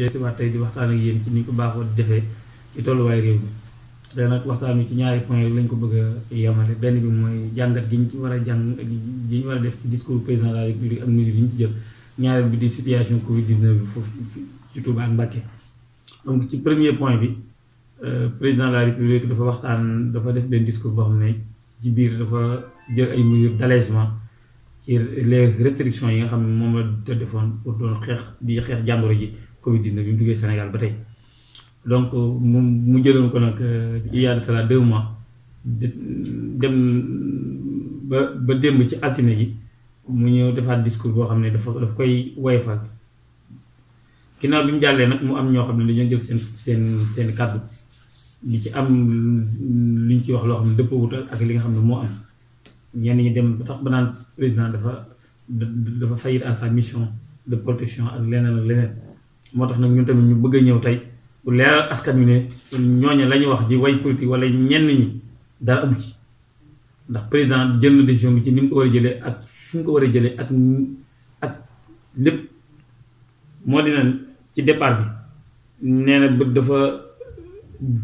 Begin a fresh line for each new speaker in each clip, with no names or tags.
dellusiwaat tey di waxtaan ak yéen ci ni ko baaxoo di defee ci tolluwaay réew mi te nag waxtaan wi ci ñaari point lañ ko bëgg a yemale benn bi mooy jàngat gi ñu ci war a jàng gi ñu war a def ci discours président la république ak mesures yi ñu jël ñaareel bi di situation Covid 19 bi foofu ci Touba ak Mbacké donc ci premier point bi euh, président la république dafa waxtaan dafa def benn discours boo xam ne ci biir dafa jël ay mesures d'allègement ci les restrictions yi nga xam ne moom la xeex di xeex jàngoro ji. Covid 19 bi mu duggee Sénégal ba tey donc mu mu jëloon ko nag euh, il y a de cela deux mois dem ba ba démb ci altine yi mu ñëw defaat discours boo xam ne dafa daf koy wayfal ginnaaw bi mu jàllee nag mu am ñoo xam ne dañoo jël seen seen seen kàddu li ci am lu ñu ci wax loo xam ne dëppawut ak li nga xam ne moo am ñenn ñi dem ba tax ba naan président dafa dafa faillir à de protection ak leneen ak leneen. moo tax nag ñun tamit ñu bëgg a ñëw tey bu leeral askan wi ne ñooñu la ñu wax di way politique wala ñenn ñi dara amu ci ndax président jël na décision bi ci ni mu ko war a jëlee ak fu mu ko war a jëlee ak ak lépp moo dina ci départ bi nee na ba dafa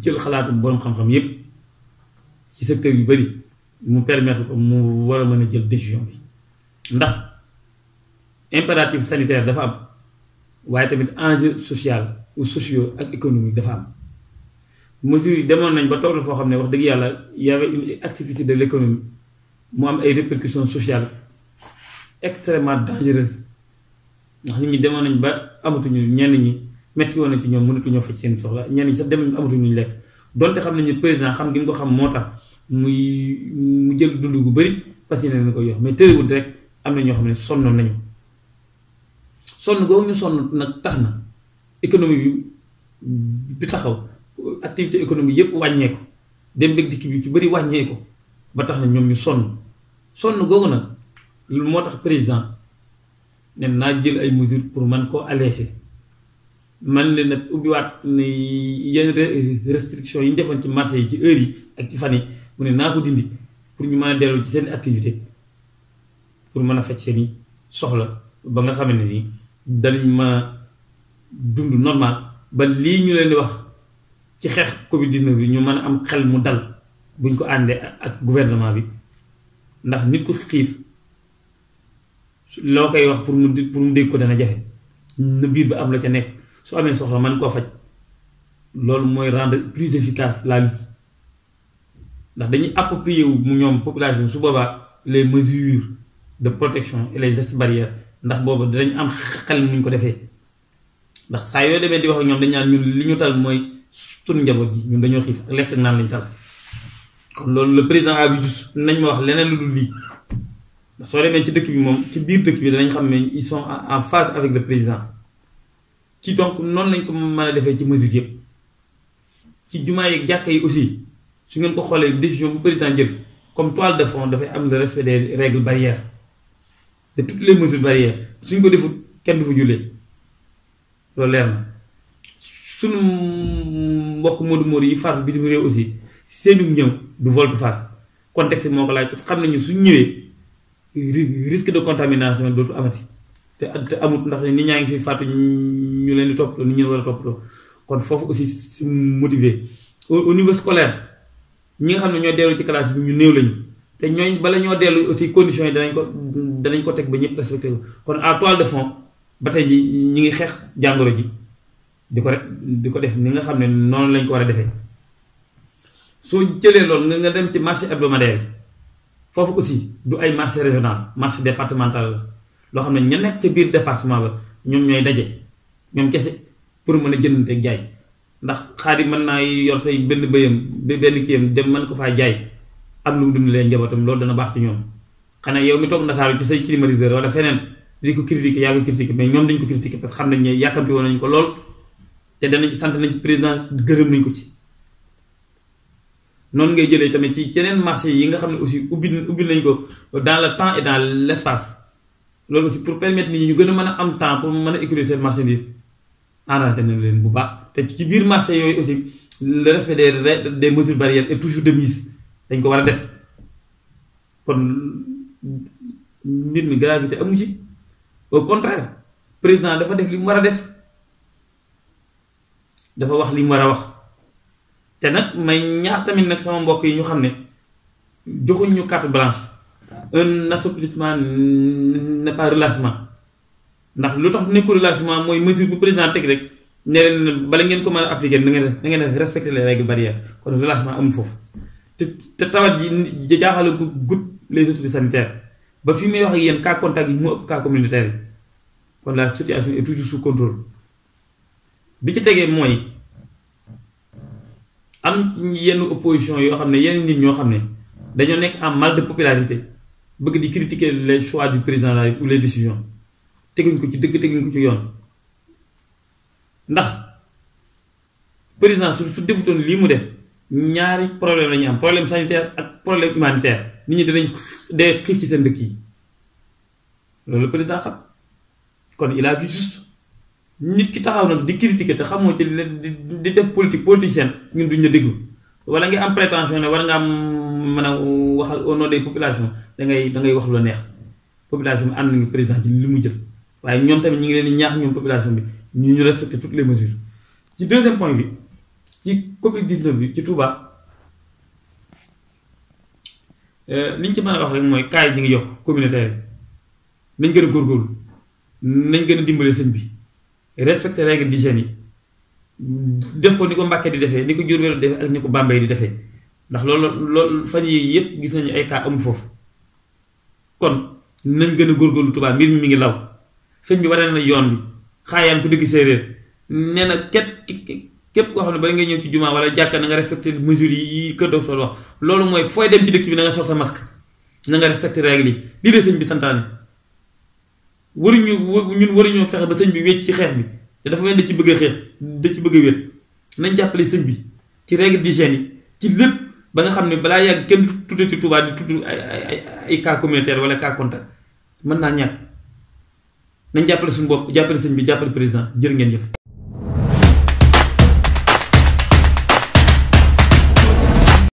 jël xalaatu bon xam-xam yépp ci secteur yu bari mu permettre ko mu war a mën a jël décision bi ndax impératif sanitaire dafa am. waaye tamit enjeu social ou socio ak économique dafa am mesures demoon nañ ba toog na foo xam ne wax dëgg yàlla y avait une activité de l'économie mu am ay répercussions sociale extrêmement dangereuses ndax nit ñi demoon nañ ba amatuñu ñenn ñi metti woon na ci ñoom mënatuñoo faj seen soxla ñenn ñi sax dem amatuñu lekk donte xam nañu président xam gi mu ko xam moo tax muy mu jël dund gu bëri parce que ne ko yox mais tëriwul rek am na ñoo xam ne sonnoon nañu sonn googu ñu sonn nag tax na économie bi bi taxaw activité économique yëpp wàññeeku dem bëgg dikk bi ci bëri wàññeeku ba tax na ñoom ñu sonn sonn googu nag lu moo tax président ne naa jël ay mesures pour man koo alléger man leen nag ubbiwaat ne yenn restriction yi ñu defoon ci marché yi ci heure yi ak ci fan yi mu ne naa ko dindi pour ñu mën a dellu ci seen activité pour mën a faj seen i soxla ba nga xam ne nii danañ mën a dund normal ba lii ñu leen di wax ci xeex Covid 19 bi ñu man a am xel mu dal buñ ko àndee ak gouvernement bi ndax nit ku xiif loo koy wax pour mu pour mu dégg ko dana jafe na biir ba am la ca nekk su amee soxla man koo faj loolu mooy rendre plus efficace la lutte ndax dañuy approprier wu mu ñoom population su boobaa les mesures de protection et les gestes barrières ndax boobu danañ am xel nuñ ko defee ndax saa yoo demee di wax ak ñoom dañ naan ñun li ñu tal mooy suñu njaboot gi ñun dañoo xiif ak lekk naan lañ tal kon loolu la président Habib Diouf nañ ma wax leneen lu dul lii ndax soo demee ci dëkk bi moom ci biir dëkk bi danañ xam ne ils sont en phase avec le président ci donc noonu lañ ko mën a defee ci mesure yëpp ci jumaa yi jàkka yi aussi su ngeen ko xoolee décision bu président jël comme toile de fond dafay am le respect des règles te toutes les mesures barrières suñ ko defut kenn du fu jullee loolu leer na suñu mbokk Modou Modou yi faatu bitim réew aussi seenu ñëw du volte-face contexte moo ko laaj parce que xam nañu suñ ñëwee risque de contamination dootu amati te te amut ndax nit ñaa ngi fi faatu ñu leen di toppatoo ñu leen war a toppatoo kon foofu aussi si motivé au niveau scolaire ñi nga xam ne ñoo dellu ci classe bi ñu néew lañu. te ñooñ bala ñoo dellu aussi conditions yi danañ ko danañ ko teg ba ñëpp respecté kon à toile de fond ba tey ji ñi ngi xeex jàngoro ji di ko rek di ko def ni nga xam ne noonu lañ ko war a defee soo jëlee loolu nga dem ci marché hebdomadaire foofu aussi du ay marché régional marché départemental la loo xam ne ña nekk ca biir département ba ñoom ñooy daje ñoom kese pour mën a jëndante jaay ndax xaari mën naa yor tey benn bëyam benn kiyam dem mën ko faa jaay am lu mu dundalee njabootam loolu dana baax ci ñoom xanaa yow mi toog Ndakaaru ci say climatiseur wala feneen li ko critiqué yaa ko mais ñoom dañ ko critiqué parce que xam ne yàkkamti woon nañ ko lool te danañ sant nañ ci président gërëm nañ ko ci noonu ngay jëlee tamit ci yeneen marché yi nga xam ne aussi ubbi ubbi nañ ko dans le temps et dans l' espace loolu aussi pour permettre nit ñu gën a mën a am temps pour mën a écouler seen marchandise arrangé nañ leen bu baax te ci biir marché yooyu aussi le respect des des mesures barrières est toujours de mise dañ ko war a def kon nit mi gravité amu ci au contraire président dafa def li mu war a def dafa wax li mu war a wax te nag may ñaax tamit nag sama mbokk yi ñu xam ne joxuñu ñu carte blanche un assouplissement n'est pas relâchement ndax lu tax nekkul relâchement mooy mesure bu président teg rek ne leen bala ngeen ko mën a appliquer na ngeen na ngeen respecter les règles barrières kon relâchement amul foofu te te tawat ji jaaxale ko gudd les autorités sanitaires ba fi may wax ak yéen cas contact yi mu ëpp cas communautaire yi kon la situation est toujours sous contrôle bi ci tegee mooy am yenn opposition yoo xam ne yenn nit ñoo xam ne dañoo nekk en mal de popularité bëgg di critiquer les choix du président la ou les décisions teguñ ko ci dëgg teguñ ko ci yoon ndax président su su defutoon lii mu def. ñaari problème la ñu am problème sanitaire ak problème humanitaire nit ñi dinañ dee xiif ci seen dëkk yi loolu président xam kon il a vu nit ki taxaw nag di critiquer te xamoo ci di def politique politicien ñun duñ la déglu wala ngi am prétention ne war nga am mën a waxal au nom des populations dangay dangay wax lu neex population bi ànd nañu président ci li mu jël waaye ñoom tamit ñu ngi leen di ñaax ñoom population bi ñu ñu respecter toutes les mesures ci deuxième point bi. ci Covid 19 bi ci Touba euh, li ci mën a wax rek mooy kaay yi ngi yokk communautaire nañ gën a góorgóorlu nañ gën a dimbale sëñ bi respecté règle d'hygiène yi def ko ni ko Mbàkke di defee ni ko Jurbel di defee ak ni ko Bambey di defee ndax loolu lool fan yii yëpp gis nañu ay cas amu foofu kon nañ gën a góorgóorlu Touba mbir mi ngi law sëñ bi waree na yoon bi xaayaan ku dëgg séeréer nee na ket képp koo xam ne bala ngay ñëw ci jumaa wala jàkka na nga respecté mesures yi kër docteur wax loolu mooy fooy dem ci dëkk bi na nga sol sa masque na nga respecté règle yi lii de sëñ bi santaan waruñu ñun waruñoo fexe ba sëñ bi wécc ci xeex bi te dafa mel di ci bëgg xeex di ci bëgg a nañ jàppale sëñ bi ci règle d'hygiène yi ci lépp ba nga xam ne balaa yàgg kenn tuddee ci Tuubaa di tudd ay ay ay cas communautaire wala cas contact mën naa ñàkk nañ jàppale suñu bopp jàppale sëñ bi jàppale président jërë ngeen jëf